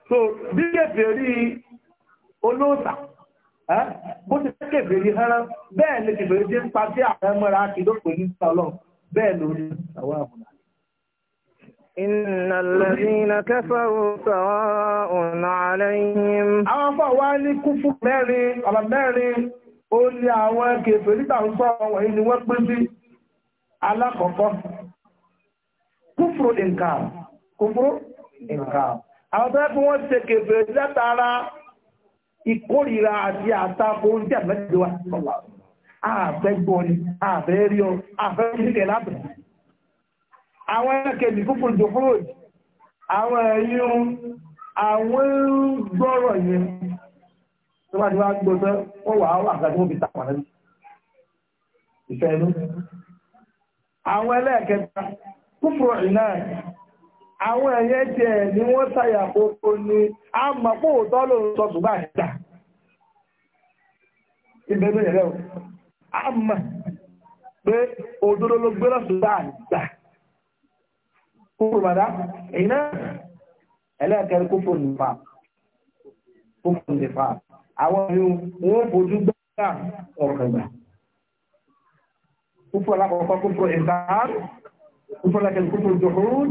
so bí kèfèrí olóòtà bó ti fẹ́ kèfèrí hẹ́rán bẹ́ẹ̀ ni kèfèrí ti ń pa sí àwọn ẹmọ́ra kìdókò ní sọlọ́n bẹ́ẹ̀ lórí àwọn àbùnà إن الذين كفروا سواء عليهم àwọn fọ́ wá ní kúfù mẹ́rin ọ̀là mẹ́rin ó ní àwọn kèfè nígbà ń sọ ọ̀wọ̀ yìí ni wọ́n pín sí alákọ̀ọ́kọ́ kúfù nǹkan kúfúrú nǹkan àwọn tó yẹ kí wọ́n ṣe kèfèrè látara ìkórìíra àti àtakò oúnjẹ àbẹ́jọ́ wa sọ̀lá àfẹ́ gbọ́ ni àfẹ́ rí ọ àfẹ́ kíkẹ́ lábẹ́ àwọn ẹ̀kẹ́ni kúfúrú dòfúrò àwọn ẹ̀yìn àwọn gbọ́rọ̀ yẹn tó bá ti wá gbọ́sẹ́ wọ́n wà á wà àgbà tó fi tàpá náà ìfẹ́ inú àwọn ẹlẹ́ẹ̀kẹta kúfúrú ìnáà àwọn ẹ̀yẹ́ jẹ́ ni wọ́n ṣàyà kókó ni a mọ̀ pé òótọ́ ló ń sọ ṣùgbọ́n àìdá ibẹ̀ ló yẹ̀rẹ́ o a mọ̀ pé òdodo ló gbé lọ́sùgbọ́n àìdá kúrò bàdá ìná ẹlẹ́ẹ̀kẹ́rì kúfò nípa kúfò nípa àwọn ìlú wọn fojú gbá ọ̀rọ̀ gbà alákọ̀ọ́kọ́ kúfò ìdáhàr kúfò alákẹ́rì kúfò jòhùn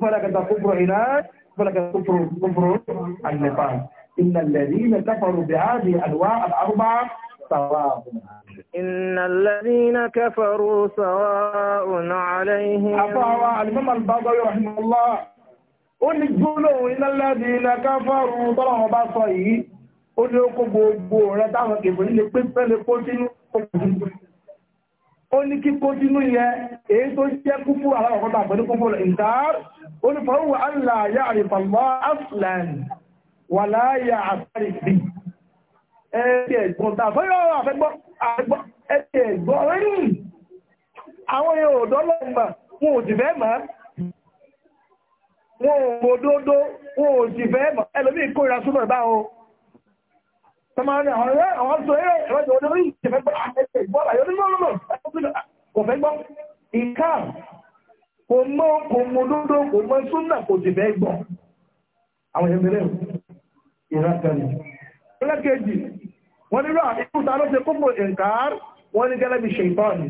فلك كفر عناد فلك كفر كفر النفاق إن الذين كفروا بهذه الأنواع الأربعة سواء إن الذين كفروا سواء عليهم أفاوى الإمام البغوي رحمه الله قل قولوا إن الذين كفروا طلعوا بصي قل لكم بوبو كيف اللي كنت لكم ó ní kíkó sínú yẹ èyí tó jẹ́ kúkú aláwọ̀kọ́ta àgbẹ̀lú kúkú ìdáàr ó ní fọ́wọ́ aláyà àrífàmọ́ aslan wà láyà àtàrí bí ẹgbẹ́ ẹ̀gbọ́n tàbí ọ̀rọ̀ àfẹ́gbọ́ ẹgbẹ́ ẹ̀gbọ́n rìn àwọn èèyàn ọ̀dọ́ lọ́gbà wọn ò sì fẹ́ mọ́ wọn ò mọ̀ òdodo wọn ò sì fẹ́ mọ́ ẹlòmíì kórìíra súnmọ̀ ìbáwọn tọ́mọ́ rẹ̀ ọ̀rẹ́ àwọn tó rẹ̀ ẹ̀rọ́jọ́ ọdún orí ìṣẹ̀fẹ́gbọ́ àtẹ́sẹ̀ ìgbọ́ àyọ́ nínú ọlọ́mọ̀ kò fẹ́ gbọ́ ìka kò mọ́ kò mọ́ lódó kò mọ́ súnà kò sì fẹ́ gbọ́ àwọn ẹgbẹ̀rẹ̀ ìrákanì ẹlẹ́kẹ̀ẹ́jì wọ́n ní rà nínú ta ló ṣe kókò ẹ̀ǹkàr wọ́n ní gẹ́lẹ́ bí ṣèǹtọ́ọ̀nì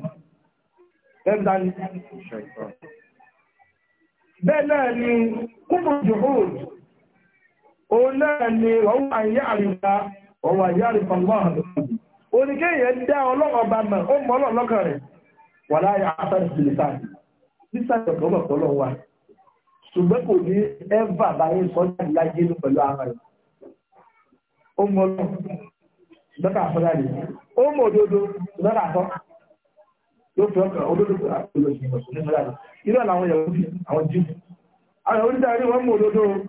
bẹ́ẹ̀ náà ni kókò jùhùd òun náà ni rọ̀hún àyè àríwá ọwọ́ àyà àrífà lọ́wọ́ àdókòwò oníkéèyàn dá ọlọ́wọ́ bá mọ̀ ó mọ ọlọ́wọ́ lọ́kàn rẹ̀ wà láyà àtàrí ìpìlẹ̀ sáà nísà ìjọba ọmọ ọ̀pọ̀ lọ́wọ́ wa ṣùgbọ́n kò ní ẹ́fà báyé sọ́jà láyé ní pẹ̀lú ara rẹ̀ ó mọ ọlọ́ lọ́kà àfọ́lá rẹ̀ ó mọ òdodo lọ́kà àfọ́ yóò fi ọkàn òdodo àti olóṣèlú ìrọ̀ làwọn yàrá àwọn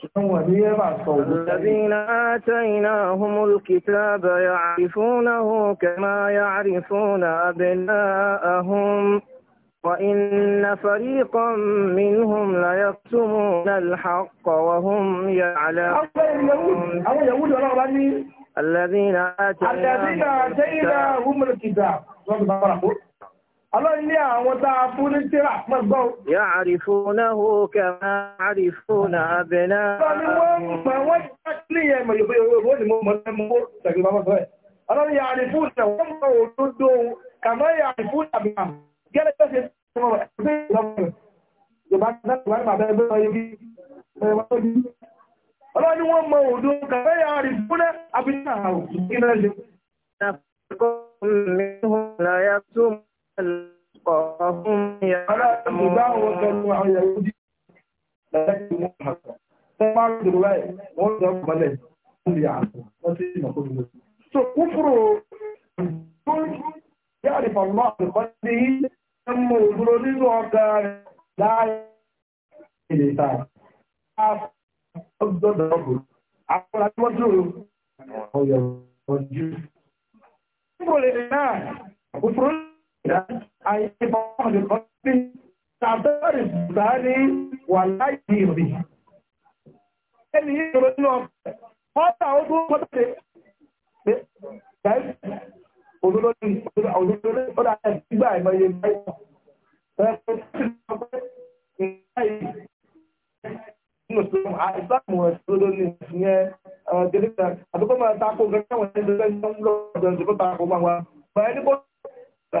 الذين آتيناهم الكتاب يعرفونه كما يعرفون أبناءهم وإن فريقا منهم ليكتمون الحق وهم يعلمون الذين آتيناهم الكتاب Ọlọ́run ní àwọn tá fún ní tíra pẹ̀gbọ́. Yá àrífúnáhù kẹma àrífúnà abẹ́nà. Ọlọ́run wọ́n mọ̀ wọ́n jẹ́ ní ẹ̀mọ̀ yóò bẹ́ẹ̀ owó ni mo mọ̀ ní mo tẹ̀gbẹ́ bá mọ̀ Ọlọ́run yá àrífúnà wọ́n mọ̀ òdodo kàmọ́ yá àrífúnà bí wà. Gẹ́lẹ́ tó ṣe tó mọ̀ ẹgbẹ́ ìlọ́mọ̀. Yorùbá ti bàbá ẹgbẹ́ ọyẹ bí ọ̀hún yà mú. Ìbáwọn pẹ̀lú àwọn ìyàwó jí láti mú àgbà. Wọ́n máa ń dùn láì wọ́n lọ mọ́lẹ̀ fún ìyá àgbà wọ́n sì mọ̀ kó lọ. So kúfúrò tó yá àdìfọ̀mọ́ àdìfọ́ sí ẹmú òdúró nínú ọgá rẹ̀ láàyè ilé ìta. A gbọ́dọ̀ ọ̀gbọ̀n. Àwọn àjọ́jú ọ̀yọ̀ ọ̀jú. Kúfúrò lè náà, kúfúrò lè idan ai ba da kwafi tabarin zane wà láìsí rí ẹni ìrò ní ọ̀pẹ́ ọ́ta ọdún pọ́tàdé ṣẹ́yìn olólórí olólórí ọ̀dá ẹgbẹ́ àìmọye mẹ́wàá ẹgbẹ́ tí ó pẹ́ Mùsùlùmí àìsàmù ẹ̀sùn lórí ìyẹn gẹ́gẹ́ àdúgbò máa tako gẹ́gẹ́ àwọn ẹgbẹ́ ìjọba ìjọba ìjọba ìjọba ìjọba ìjọba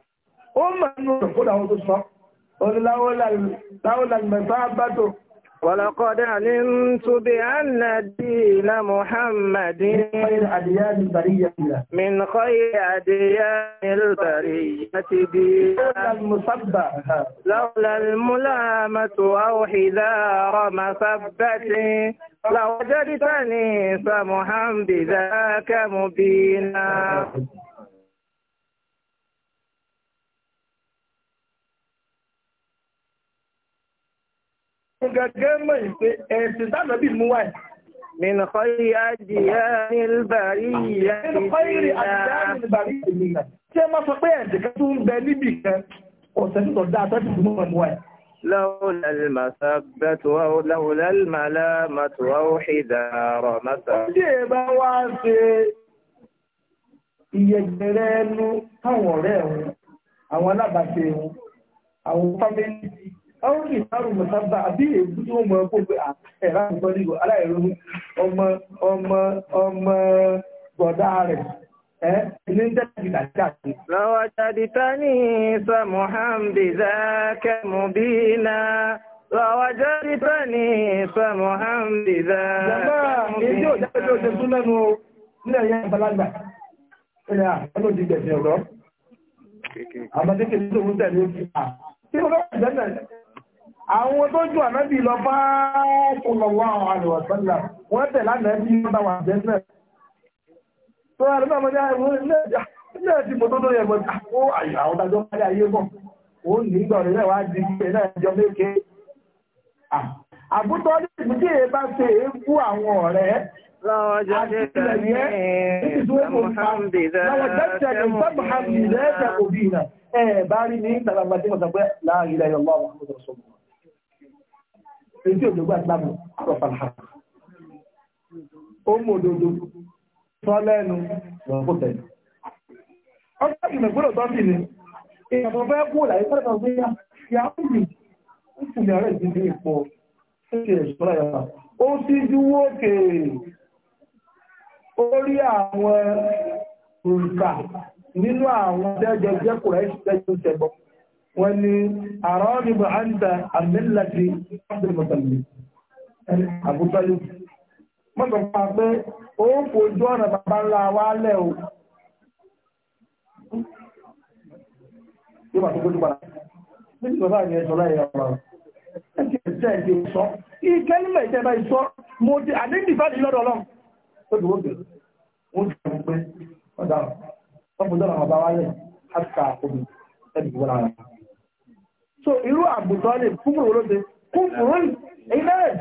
ó mọ̀ nínú rẹ̀ kó dáwọn tó sọ orí láwọ́lá ìmẹ̀fà bàtò ولقد علمت بأن دين محمد من خير أديان البرية دين لولا الملامة أو حذار مثبة لوجدتني سمحا بذاك مبينا gẹ́gẹ́ mọ̀ yìí pé ẹ̀sìn dáná bíi mú wáyé. من خير أديان البرية من خير أديان البرية ṣé máa sọ pé ẹ̀sìn kan tún bẹ níbì kan ọ̀sẹ̀ tó dáa tó ti mú ọmọ ẹ̀. لولا المثبة أو لولا الملامة أو حذار مثل. ó lè bá wá ṣe ìyẹ̀gbẹ̀rẹ̀ ẹnu táwọn ọ̀rẹ́ ẹ̀hún àwọn alábàṣe ẹ̀hún àwọn fámẹ́lì àwọn kì í sárùn mọ̀sábà àbí èébú tí wọ́n mọ̀ ọ́ pé ẹ̀rá nǹkan nílò aláìrònú ọmọ ọmọ ọmọ bọ̀dá rẹ̀ ẹ́ ilé ń tẹ́lẹ̀ ìgbà káàkiri. lọ́wọ́ jáde tání sọ muhammed zakemu bínà lọ́wọ́ jáde tání sọ muhammed zakemu bínà. jàmbá èyí ò jáde ló ṣe tún lẹ́nu àwọn tó jù ànábì lọ bá kọlọ̀wọ́ àwọn àlùwàsánlá wọ́n tẹ̀ lánàábì wọ́n bá wà jẹ́sẹ̀ tó rẹ̀ lọ́nà ọmọdé àwọn ilé ẹ̀dí mo tó lórí ẹ̀gbọ́n ó àyà àwọn dájọ́ wáyé ayé bọ̀ ó nígbà rẹ̀ rẹ̀ wá di ilé náà jọ méke àbútọ́ nígbà tí èyí bá ṣe é kú àwọn ọ̀rẹ́ àti ilẹ̀ yẹn nítorí mo ń pa láwọn jẹ́sẹ̀ ní sábà hàn ní ilẹ̀ ẹ̀ẹ́dẹ̀ òbí náà ẹ̀ẹ́ bá rí ní ìtàlágbàdé mọ̀tàgbẹ́ láàrin ilẹ̀ yọ̀ èyí òdòdó àgbàmù àpọ̀fàlà ó mú òdòdó tọ́lẹ́nu lọ́pọ̀tẹ̀ ọjọ́ ìmọ̀ gbọ́dọ̀ tọ́ sí ni ìyàtọ̀ fẹ́ kú láyé fẹ́ tọ́ sí ya ya ó yìí ó sì ní ọ̀rẹ́ ìdílé ìpọ̀ ó sì ẹ̀ṣọ́ láyà ó sì dúwó kèèrè orí àwọn òǹkà nínú àwọn tẹ́jọ jẹ́kùrẹ́ ìṣẹ́jú tẹ́gbọ́n wọ́n ní àrọ́ọ̀dìbò àǹtà àmìlàtì abdulmọ̀tàlì ẹni àbútọ́lì mọ́tọ̀ pa pé ó fojú ọ̀nà bàbá ńlá wa lẹ̀ o yóò bá tó gbójú padà níbi bàbá mi ẹ̀ sọ láyé ọ̀rọ̀ ẹ̀ kì í tẹ̀ ìkẹ́ nílẹ̀ ìtẹ́ bá sọ mo ti àdéhùn ìbáàdì lọ́dọ̀ ọlọ́run ó dùn ó dùn ó dùn pé ọ̀dà ọ̀pọ̀ dọ́là bàbá wa lẹ̀ àti kà òbí ẹ̀ dùn wọ́n lára so irú àbùtọ́ lè kúkúrú olóde kúkúrú ilẹ̀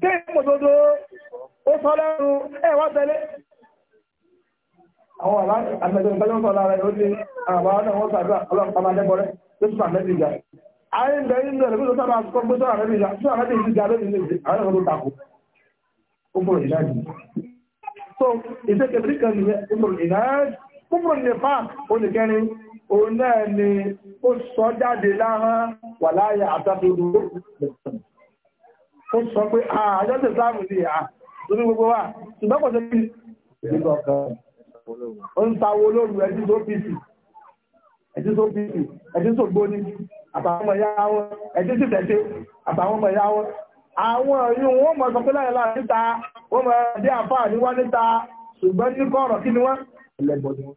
tí ìmòdodo ó sọ lẹ́rù ẹ̀wọ́ tẹ́lẹ̀ àwọn àbá àtẹ̀tẹ̀ ìpẹ́lẹ́ ń sọ lára ẹ̀ ó ní àwọn àwọn àwọn sàdúrà ọlọ́pàá lẹ́bọ̀rẹ́ ló tún àmẹ́bí ìjà ayé ń bẹ nínú ẹ̀rọ tó sábà sọ pé sọ àmẹ́bí ìjà sọ àmẹ́bí ìjà lónìí ní ìdí àwọn ọmọ tó takò ó bọ̀rọ̀ ìdájì so ìṣe kẹfìrí kan nìyẹn ó bọ̀rọ̀ ìdájì ó bọ̀rọ̀ nìfà ó nìkẹrin òun náà ni ó sọ jáde láhán wà láyé àtàkùn ó sọ pé àjọ́sẹ̀ sáàmù ní à lórí gbogbo wa ṣùgbọ́n kò tẹ́lẹ̀ nígbà ọ̀kan ó ń ta owó lóru ẹjí tó pìsì ẹjí tó pìsì ẹjí tó gbóni àtàwọn ọmọ ìyá wọn ẹjí sì tẹ̀sẹ̀ àtàwọn ọmọ ìyá wọn àwọn ẹ̀yìn wọn mọ̀ sọ pé láyé láà níta wọn mọ̀ ẹ̀dí àfáà ní wọn níta ṣùgbọ́n ní kọ̀ọ̀rọ̀ kí ni wọ́n ẹlẹ́gbọ̀n ni wọ́n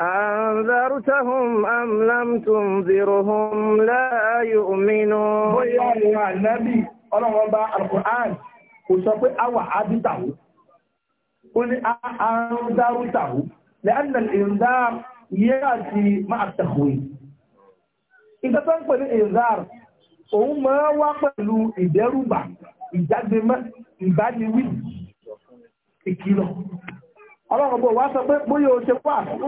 أنذرتهم أم لم تنذرهم لا يؤمنون bóyá ìran ànábì ọlọ́run ọba alukur'an kò sọ pé awà ábítàwó ó ní àǹdárútàwó lẹ́ẹ̀nà ìrìndár yẹ́ àti máa tẹ̀kùwé ìgbà ń wá pẹ̀lú ìdẹ́rùbà ìbániwí ìkìlọ̀ ọlọ́rọ̀bọ̀ wá sọ pé bóyá o ṣe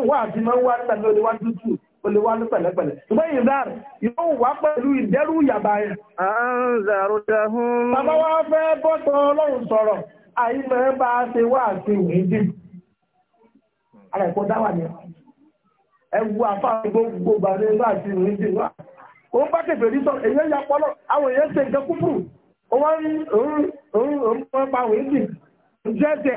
wà àti máa ń wá nígbàtí o lè wá dúdú o lè wá ní pẹ̀lẹ́pẹ̀lẹ́ ṣùgbọ́n ìdáàr yóò wá pẹ̀lú ìdẹ́rù yàbá yẹn. bàbá wa fẹ́ bọ́tọ̀ ọlọ́run sọ̀rọ̀ àyí máa ń bá a ṣe wá àti ìwéjì. ara ẹ̀kọ́ dá wà ní ẹwu àfáà gbogbo gbà ní wá àti ìwéjì wá. òun bá kẹfẹ́ rí sọ èyí ya pọ́lọ́ àwọn èèyàn ṣe nǹkan kúkú òun òun òun òun pa àwọn ìwéjì jẹ́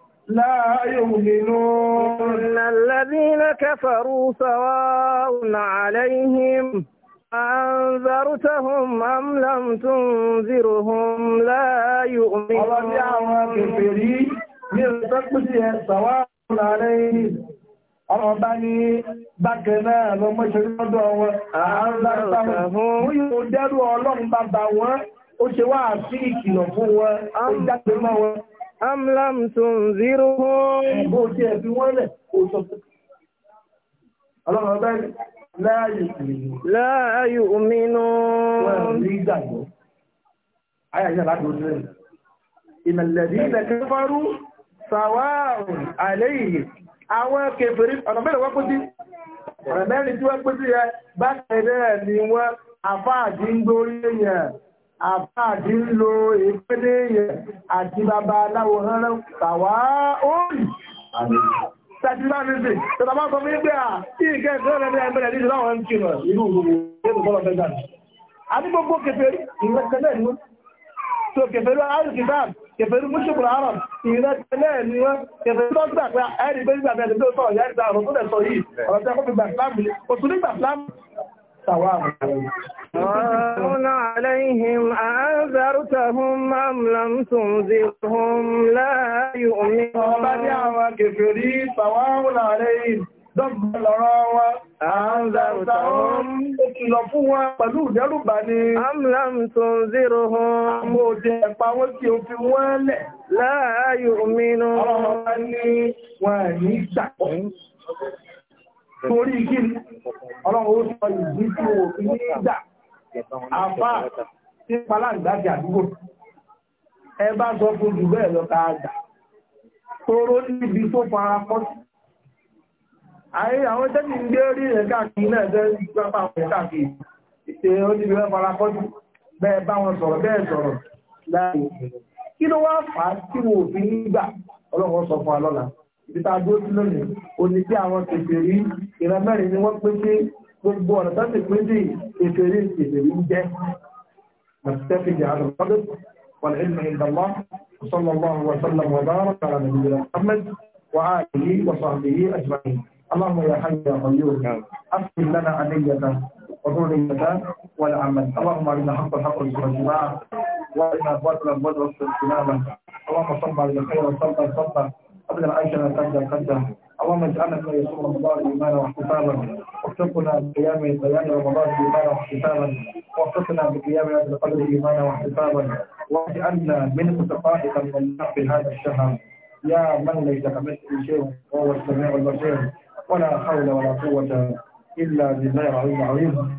لا يؤمنون الذين كفروا سواء عليهم أنذرتهم أم لم تنذرهم لا يؤمنون الله يعوى كفري من تقصي سواء عليهم ọ̀rọ̀ bá ní bákẹ̀ náà lọ mọ́ṣẹ́ lọ́dọ̀ wọn àárùn-ún mú yóò dẹ́rù ọlọ́run bàbá wọn ó ṣe wá àfíìkìlọ̀ fún wọn ó jáde mọ́ wọn am lam tunzirhum. bó ṣe ẹ̀fí wọ́n lẹ̀ kó sọ fún ọlọ́run ọba láàyò òmìnú. wọ́n rí gbàgbọ́ ayàyà láti ojú rẹ̀ ìnàlẹ̀dí ilẹ̀ kẹfàrú sàwáàrùn àlẹ́yìí àwọn kèfèrí ọ̀nà mẹ́rin wọ́n kó ọ̀nà mẹ́rin tí wọ́n kó sí yẹ bákẹ̀rẹ́ ni wọ́n àfáàdí ń yẹn àbá àti ń lo ìpédé yẹ àti bàbá aláwọ̀ hánrẹ́ tàwà òòrì tàbílá nìsì tàbí bá sọ fún ìgbé à tí ìkẹ́ ìfẹ́ rẹ̀ ní ẹgbẹ̀rẹ̀ ní ìlàwọ̀ ń kí lọ ìlú ìlú bọ́lọ̀ fẹ́ jáde àti gbogbo kẹfẹ́rí ìrẹ́kẹ́lẹ́ ni wọ́n tó kẹfẹ́rí àìsìkìtà kẹfẹ́rí mùsùlùmí àrọ̀ ìrẹ́kẹ́lẹ́ ni wọ́n kẹfẹ́rí tó gbà pé ẹ̀rí bẹ́ẹ̀ gbà bẹ́ẹ̀ lè tó sọ̀rọ̀ yára ìta ọ̀rọ̀ tó lẹ̀ sọ yìí ọ̀rọ̀ tẹ́kọ̀ọ́ fi gbà سواء سواء عليهم أنذرتهم أم لم تنذرهم لا يؤمنون سواء عليهم Dọ́gbà lọ́rọ̀ wa, àánzàrùtà wọn, ó kìlọ̀ fún wa pẹ̀lú ń torí kí ọlọ́run ó sọ ìdí tí o fi ní ìgbà àfá tí palágbàjì àdúgbò ẹ bá sọ fún jù bẹ́ẹ̀ lọ káàgbà tóró níbi tó fara pọ́ sí àyè àwọn tẹ́lì ń gbé rí rẹ̀ káàkiri náà jẹ́ ìgbàpá àwọn káàkiri ìṣe ó níbi rẹ̀ fara pọ́ sí bẹ́ẹ̀ bá wọn sọ̀rọ̀ bẹ́ẹ̀ sọ̀rọ̀ láàrin kí ló wá fà á tí wọn ò fi nígbà ọlọ́run sọ fún wa lọ́la ìdíta dúró sí lónìí ó ní bí àwọn kèfèrí ìran mẹ́rin ni wọ́n pín sí gbogbo ọ̀nà tó ti pín sí kèfèrí kèfèrí ń jẹ́ مستفد على القدر والعلم عند الله وصلى الله وسلم وبارك على نبينا محمد وآله وصحبه أجمعين اللهم يا حي يا قيوم أسلم لنا عدية وذرية والعمل اللهم أرنا حق الحق والجماعة وأرنا الباطل الباطل والسلامة اللهم صل على خير وصلى صلى قبل عائشة قد قد اللهم اجعلنا من يصوم رمضان إيمانا واحتسابا واكتبنا بقيام قيام رمضان إيمانا واحتسابا واكتبنا بقيام هذا القدر إيمانا واحتسابا واجعلنا من متفائلا من في هذا الشهر يا من ليس كمثل شيء وهو السميع البصير ولا حول ولا قوة إلا بالله العلي العظيم